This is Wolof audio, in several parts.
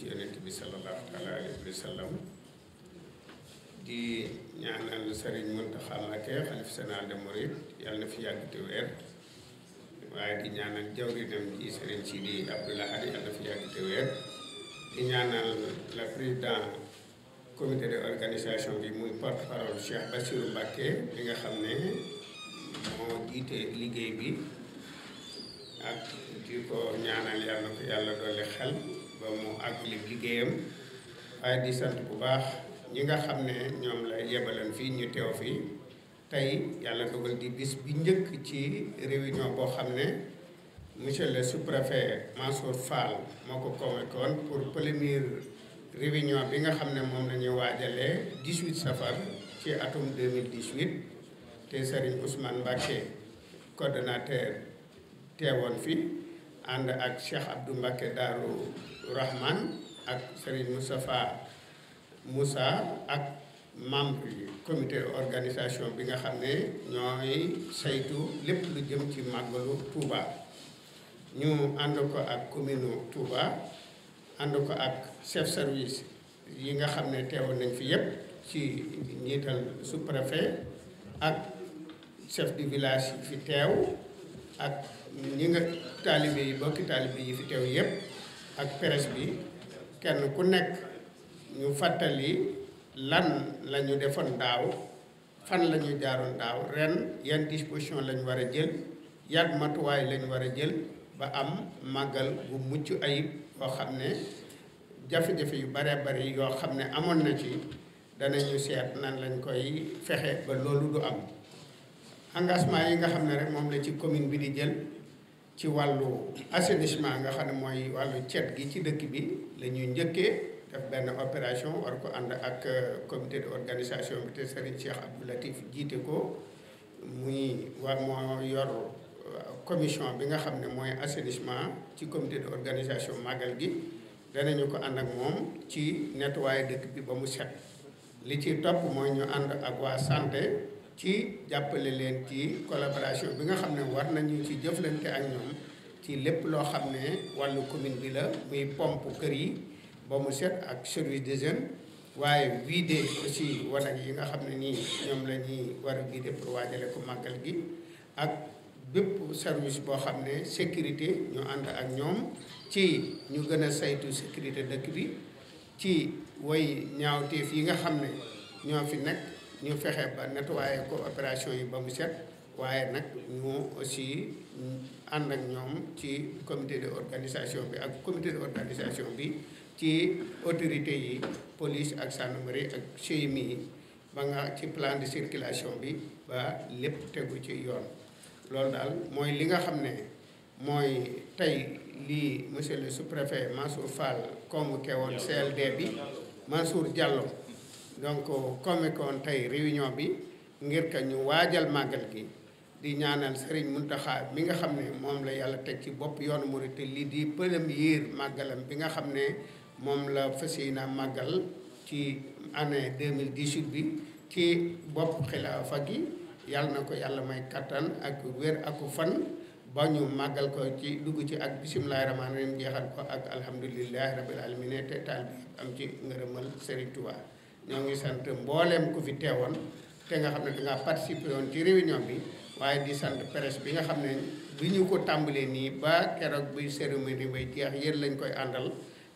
ci yonent bi sallallahu taala alayhi di ñaanal sëriñ Muntaxa Mbakke xalif général des mourides yàlla na fi yàgg te wér waaye di ñaanal jawriñam ci sëriñ Sidi Abdoul Ahad yàlla na fi yàgg te wér di ñaanal la président comité de organisation bi muy porte parole Cheikh Bassirou Mbakke bi nga xam ne moo jiite liggéey bi ak di ko ñaanal yàlla ko yàlla dolli xel ba mu àggale liggéeyam waaye di sant bu baax ñi nga xam ne ñoom la yebalan fii ñu teew fii tey yàlla dogal di bis bi njëkk ci réunion boo xam ne monsieur le sous-préfet Mansour Fall moo ko convoqué pour première réunion bi nga xam ne moom la ñu waajale 18 safar ci atum 2018 te Serigne Ousmane Mbacké coordonnateur teewoon fii ànd ak Cheikh Abdou Mbacké Darou Rahman ak Serigne Moustapha Moussa ak membre yi organisation bi nga xam ne ñooy saytu lépp lu jëm ci màggalu Touba ñu ànd ko ak commune Touba ànd ko ak chef service yi nga xam ne teewoon nañ fi yépp ci njiital sous ak chef du village fi teew ak ñi nga taalibe yi bokki taalibe yi fi teew yëpp ak presse bi kenn ku nekk ñu fàttali lan lañu defoon daaw fan la ñu jaaroon daaw ren yan disposition la ñu war a jël yan matuwaay lañu ñu war a jël ba am màggal bu mucc ayib boo xam ne jafe-jafe yu bare bari yoo xam ne amoon na ci danañu seet nan lañ koy fexe ba loolu du am engagement yi nga xam ne rek moom la ci commune bi di jël ci wàllu assainissement nga xam ne mooy wàllu cet gi ci dëkk bi la ñuy njëkkee def benn opération war ko ànd ak euh, comité d'organisation bi te Serigne Cheikh Abdou Latif jiite ko muy war moo yor euh, commission bi nga xam ne mooy assainissement ci comité d'organisation màggal gi danañu ko ànd ak moom ci nettoyer dëkk bi ba mu set li ci topp mooy ñu ànd ak waa santé ci jàppale leen ci collaboration bi nga xam ne war nañu ci jëflante ak ñoom ci lépp loo xam ne wàllu commune bi la muy pompe kër yi ba mu set ak service des jeunes waaye vider si wanag yi nga xam ne nii ñoom la ñuy war a vider pour waajale ko màggal gi ak bépp service boo xam ne sécurité ñu ànd ak ñoom ci ñu gën a saytu sécurité dëkk bi ci way ñaawteef yi nga xam ne ñoo fi nekk ñu fexe ba nettoyé ko opération yi ba mu set waaye nag ñu aussi ànd ak ñoom ci comité de organisation bi ak comité de organisation bi ci autorité yi police ak gendarmerie ak GMI yi ba nga ci plan de circulation bi ba lépp tegu ci yoon loolu daal mooy li nga xam ne mooy tey lii monsieur le sous-préfet Mansour Fall comme ke woon CLD bi Mansour Diallo donc comme kon tey réunion bi ngir ka ñu waajal màggal gi di ñaanal sëriñ Muntaxa mi nga xam ne moom la yàlla teg ci bopp yoonu murit te lii di première màggalam bi nga xam ne moom la fas yéene màggal ci amee 2018 bi ci bopp xilaafa gi yàlla na ko yàlla may kattan ak wér ak fan ba ñu màggal ko ci dugg ci ak bisimilahi rahmaani rahim jeexal ko ak alhamdulilahi rabil alamin te taal bi am ci ngërëmal sëriñ Tuubaa ñoo ngi sant mbooleem ko fi teewoon te nga xam ne dangaa participé yoon ci réunion bi waaye di sant presse bi nga xam ne bi ñu ko tàmbalee nii ba keroog buy cérémonie bay jeex yéen lañ koy àndal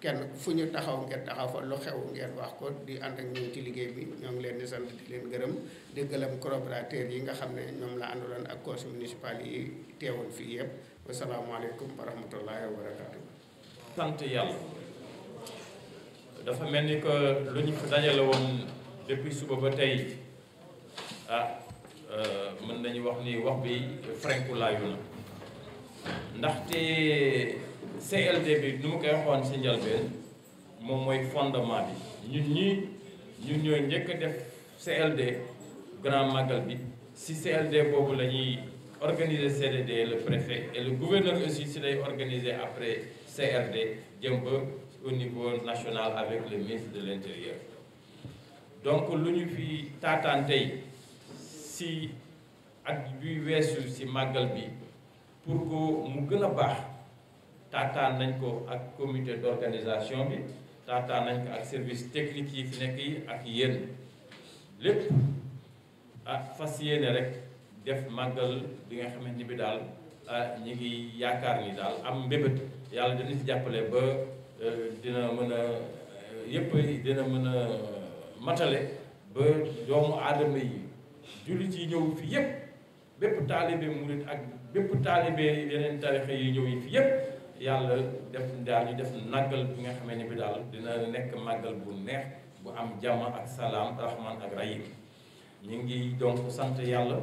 kenn fu ñu taxaw ngeen taxaw fa lu xew ngeen wax ko di ànd ak ñun ci liggéey bi ñoo ngi leen di sant di leen gërëm di gërëm collaborateurs yi nga xam ne ñoom la àndaloon ak conseil municipal yi teewoon fii yëpp wasalaamaaleykum wa rahmatullahi wa barakatu sant yàlla dafa mel ni que lu ñu fi dajale woon depuis suba ba tey ah euh, mën nañu wax ni wax bi frenkulaayu na ndaxte CLD bi nu ma koy waxoon si njalbeen moom mooy fondement bi ñun ñi ñun ñooy njëkk a def CLD grand magal bi si CLD boobu la ñuy organiser CDD le préfet et le aussi si lay organiser après CRD jëm ba au niveau national avec le ministre de l'Intérieur donc lu ñu fi taataan tey si ak bi weesu si màggal bi pour ko mu gën a baax taataan nañ ko ak comité d'organisation bi taataan nañ ko ak service technique yi fi nekk yi ak yéen lépp ak fas yéene rek def màggal bi nga xamante ni bi daal ñu ngi yaakaar ni daal am mbébét yàlla dina ci jàppale ba Euh, dina mën a euh, yëpp dina mën a euh, matale ba doomu aadama yi jullit yi ñëw fi yëpp bépp taalibe murit ak bépp taalibe yeneen tarixa yi ñëw yi fi yëpp yàlla def daal ñu def nàggal bi nga xamee ne bi daal dina nekk màggal bu neex bu am jàmm ak salaam rahman ak rahim ñu ngi donc sant yàlla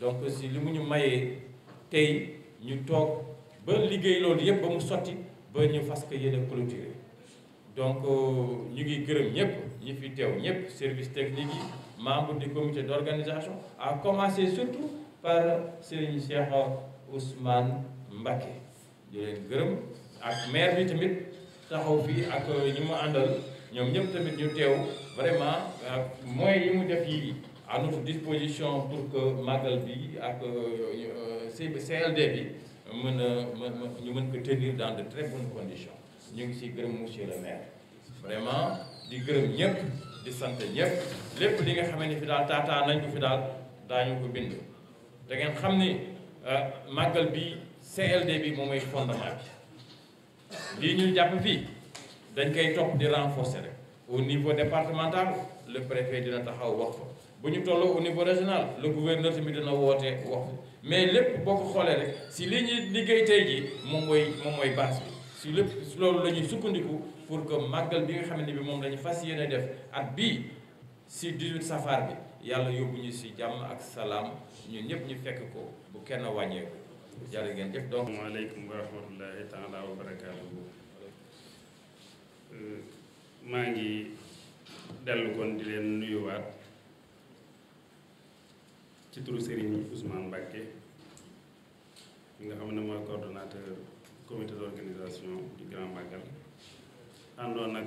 donc si li mu ñu mayee tey ñu toog ba liggéey loolu yëpp ba mu sotti ba ñu fas ko yéene clôturer donc euh, ñu ngi gërëm ñëpp ñi fi teew ñëpp service technique yi membre du comité d' organisation à commencer surtout par Serigne Cheikh Ousmane Mbacké di leen gërëm ak maire bi tamit taxaw bi ak ñi mu àndal ñoom ñëpp tamit ñu teew vraiment moyens yi mu def yi à notre disposition pour que bi ak euh, euh, CLD bi mën a ñu mën ko tenir dans de très bonnes conditions ñu ngi siy gërëm monsieur le maire vraiment di gërëm ñëpp di sant ñëpp lépp li nga xamante ni fi daal taataa nañ ko fi daal daañu ko bind da ngeen xam ni euh, màggal bi CLD bi moom mooy fondement bi lii ñuy jàpp fii dañ koy topp di renforcer rek au niveau départemental le préfet dina taxaw wax fa bu ñu toll au niveau régional le gouverneur tamit dina woote wax mais lépp boo xoolee rek si li ñuy liggéey tey jii moom mooy moom mooy base bi si lépp loolu lañuy sukkandiku pour que màggal bi nga xam ne bi moom la ñu fas yéene def at bii si 18 safar bi yàlla yóbbu ñu si jàmm ak salaam ñun ñëpp ñu fekk ko bu kenn wàññeeku jërë ngeen jëf donc. asalaamaaleykum wa rahmatullahi taala wa barakaatuhu euh, maa ngi dellu kon di leen nuyuwaat. ci turu Serigne Ousmane Mbacke mi nga xam ne mooy coordonnateur comité d'organisation du Grand Magal àndoon nag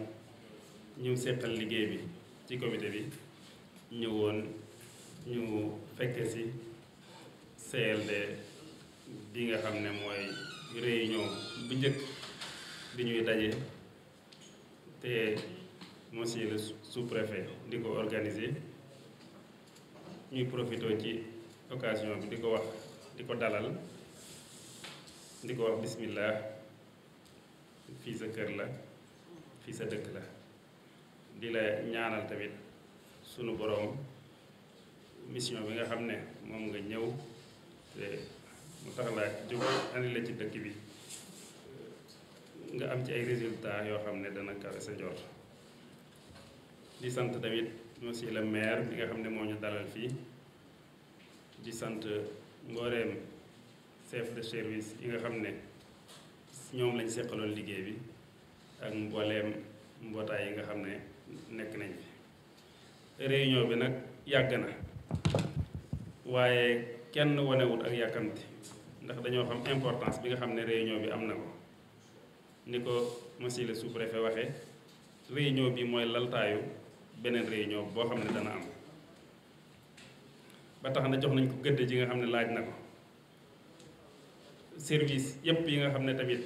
ñu seqal liggéey bi ci comité bi ñëwoon ñu fekke si CLD bi nga xam ne mooy réunion bu njëkk bi ñuy daje te monsieur sous-préfet di ko organiser ñuy profité ci occasion bi di ko wax di ko dalal di ko wax bismillah fii sa kër la fii sa dëkk la di la ñaanal tamit sunu boroom mission bi nga xam ne moom nga ñëw te mu tax laa jóg andi la ci dëkk bi nga am ci ay résultat yoo xam ne dana kawe sa njort di sant tamit monsieur le maire bi nga xam ne moo ñu dalal fii di sant mbooreem chef de service yi nga xam ne ñoom lañ seqaloon liggéey bi ak mbooleem mbootaay yi nga xam ne nekk nañ fi réunion bi nag yàgg na waaye kenn wanewut ak yàkkamti ndax dañoo xam importance bi nga xam ne réunion bi am na ko ni ko monsieur le sous-préfet waxee réunion bi mooy laltaayu beneen réunion boo xam ne dana am ba tax na jox nañ ko gëdd ji nga xam ne laaj na ko service yëpp yi nga xam ne tamit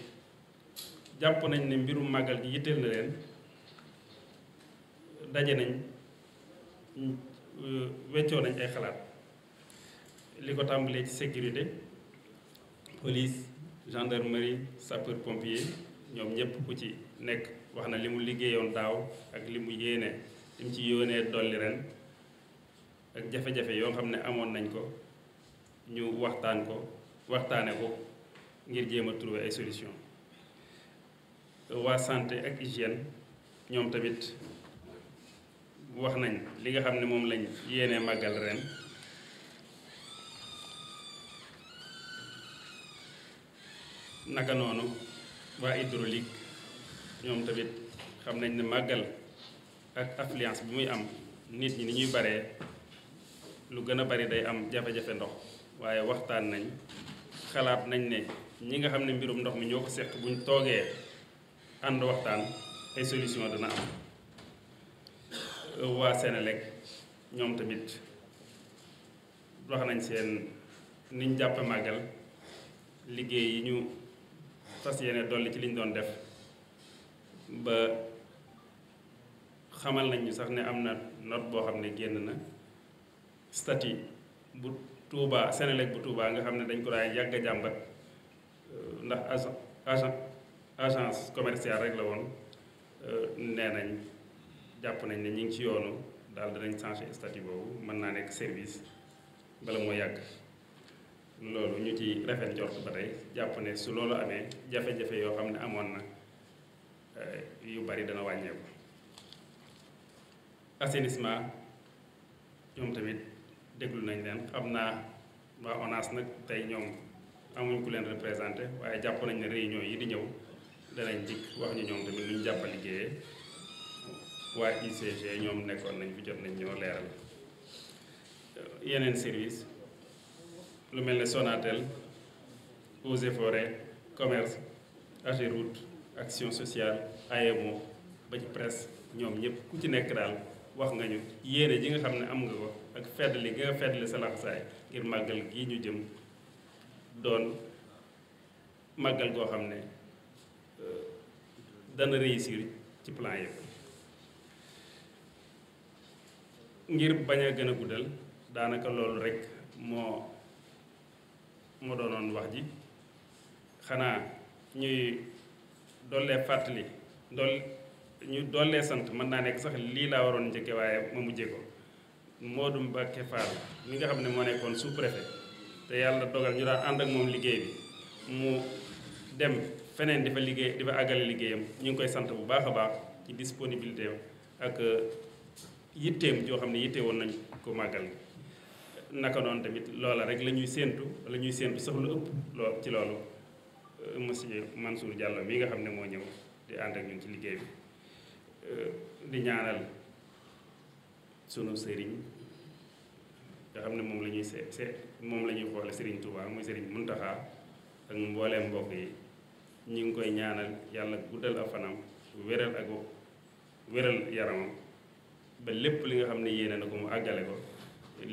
jàpp nañ ne mbirum màggal gi yitteel na leen daje nañ euh, weccoo nañ ay xalaat li ko tàmbalee ci sécurité police gendarmerie saper pompier ñoom ñëpp ku ci nekk wax na li mu liggéeyoon daaw ak li mu yéene lim ci yónnee dolli ren ak jafe-jafe yoo xam ne amoon nañ ko ñu waxtaan ko waxtaane ko ngir jéem a trouver ay solution waa santé ak hygiène ñoom tamit wax nañ li nga xam ne moom lañ yéenee màggal ren naka noonu waa hydraulique ñoom tamit xam nañ ne màggal ak affluence bi muy am nit ñi ni ñuy baree lu gën a bari day am jafe-jafe ndox waaye waxtaan nañ xalaat nañ ne ñi nga xam ne mbirum ndox mi ñoo ko seq buñ toogee ànd waxtaan ay solution dana am waa Senelec ñoom tamit wax nañ seen niñ jàppe màggel liggéey yi ñu fas yéene dolli ci liñ doon def xamal nañ ñu sax ne am na note boo xam ne génn na statut bu Touba Sénélec bu Touba nga xam ne dañ ko daay yàgg a jàmbat euh, ndax agent agent agence commerciale rek la woon euh, nee nañ jàpp nañ ne ñu ngi ci yoonu daal danañ changer statut boobu mën naa nekk service bala moo yàgg loolu ñu ci rafet njort ba tey jàpp ne su loolu amee jafe-jafe yoo xam ne amoon na euh, yu bari dana wàññeeku. assainissement ñoom tamit déglu nañ leen xam naa waa ONAS nag tey ñoom amuñ ku leen représenté waaye jàpp nañ ne réunion yi di ñëw danañ dikk wax ñu ñoom tamit luñ jàpp a liggéeyee UCG ñoom nekkoon nañ fi jot nañ ñoo leeral yeneen service lu mel ni Sonatel Eaux et Forêts commerce Ageroute action sociale AEMO ba ci presse ñoom ñëpp ku ci nekk daal wax ngañu ñu yéene ji nga xam ne am nga ko ak feddali gi nga feddali sa laxasaay ngir màggal gii ñu jëm doon màggal goo xam ne dana réussir ci plan yëpp ngir bañ a gën a guddal daanaka loolu rek moo moo doonoon wax ji xanaa ñuy dollee fàttali dool ñu doolee sant mën naa nekk sax lii laa waroon njëkke waaye ma mujjee ko mu Mbacke Fall mi nga xam ne moo nekkoon sous préfet te yàlla dogal ñu daan ànd ak moom liggéey bi mu dem feneen di fa liggéey di fa àggale liggéeyam ñu ngi koy sant bu baax a baax ci disponibilité am ak uh, yitteem joo xam ne yitte woon nañ ko màggal naka doon tamit loola rek lañuy ñuy séentu la ñuy séentu sax ëpp loo ci loolu uh, man Mansour Diallo mi nga xam ne moo ñëw di ànd ak ñun ci liggéey bi li ñaanal sunu sëriñ nga xam ne moom la ñuy seet see moom la ñuy xoole sëriñ Touba muy sëriñ Muntaxa ak mbooleem mbokk yi ñu ngi koy ñaanal yàlla guddal ak fanam wéral ak wéral yaramam ba lépp li nga xam ne yéene na ko mu àggale ko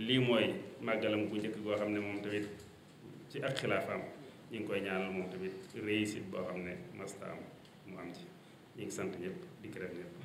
lii mooy màggalam ku njëkk goo xam ne moom tamit ci ak xilaafaam ñu ngi koy ñaanal moom tamit réussite boo xam ne masta am mu am ci ñu ngi sant ñëpp di gërëm ñëpp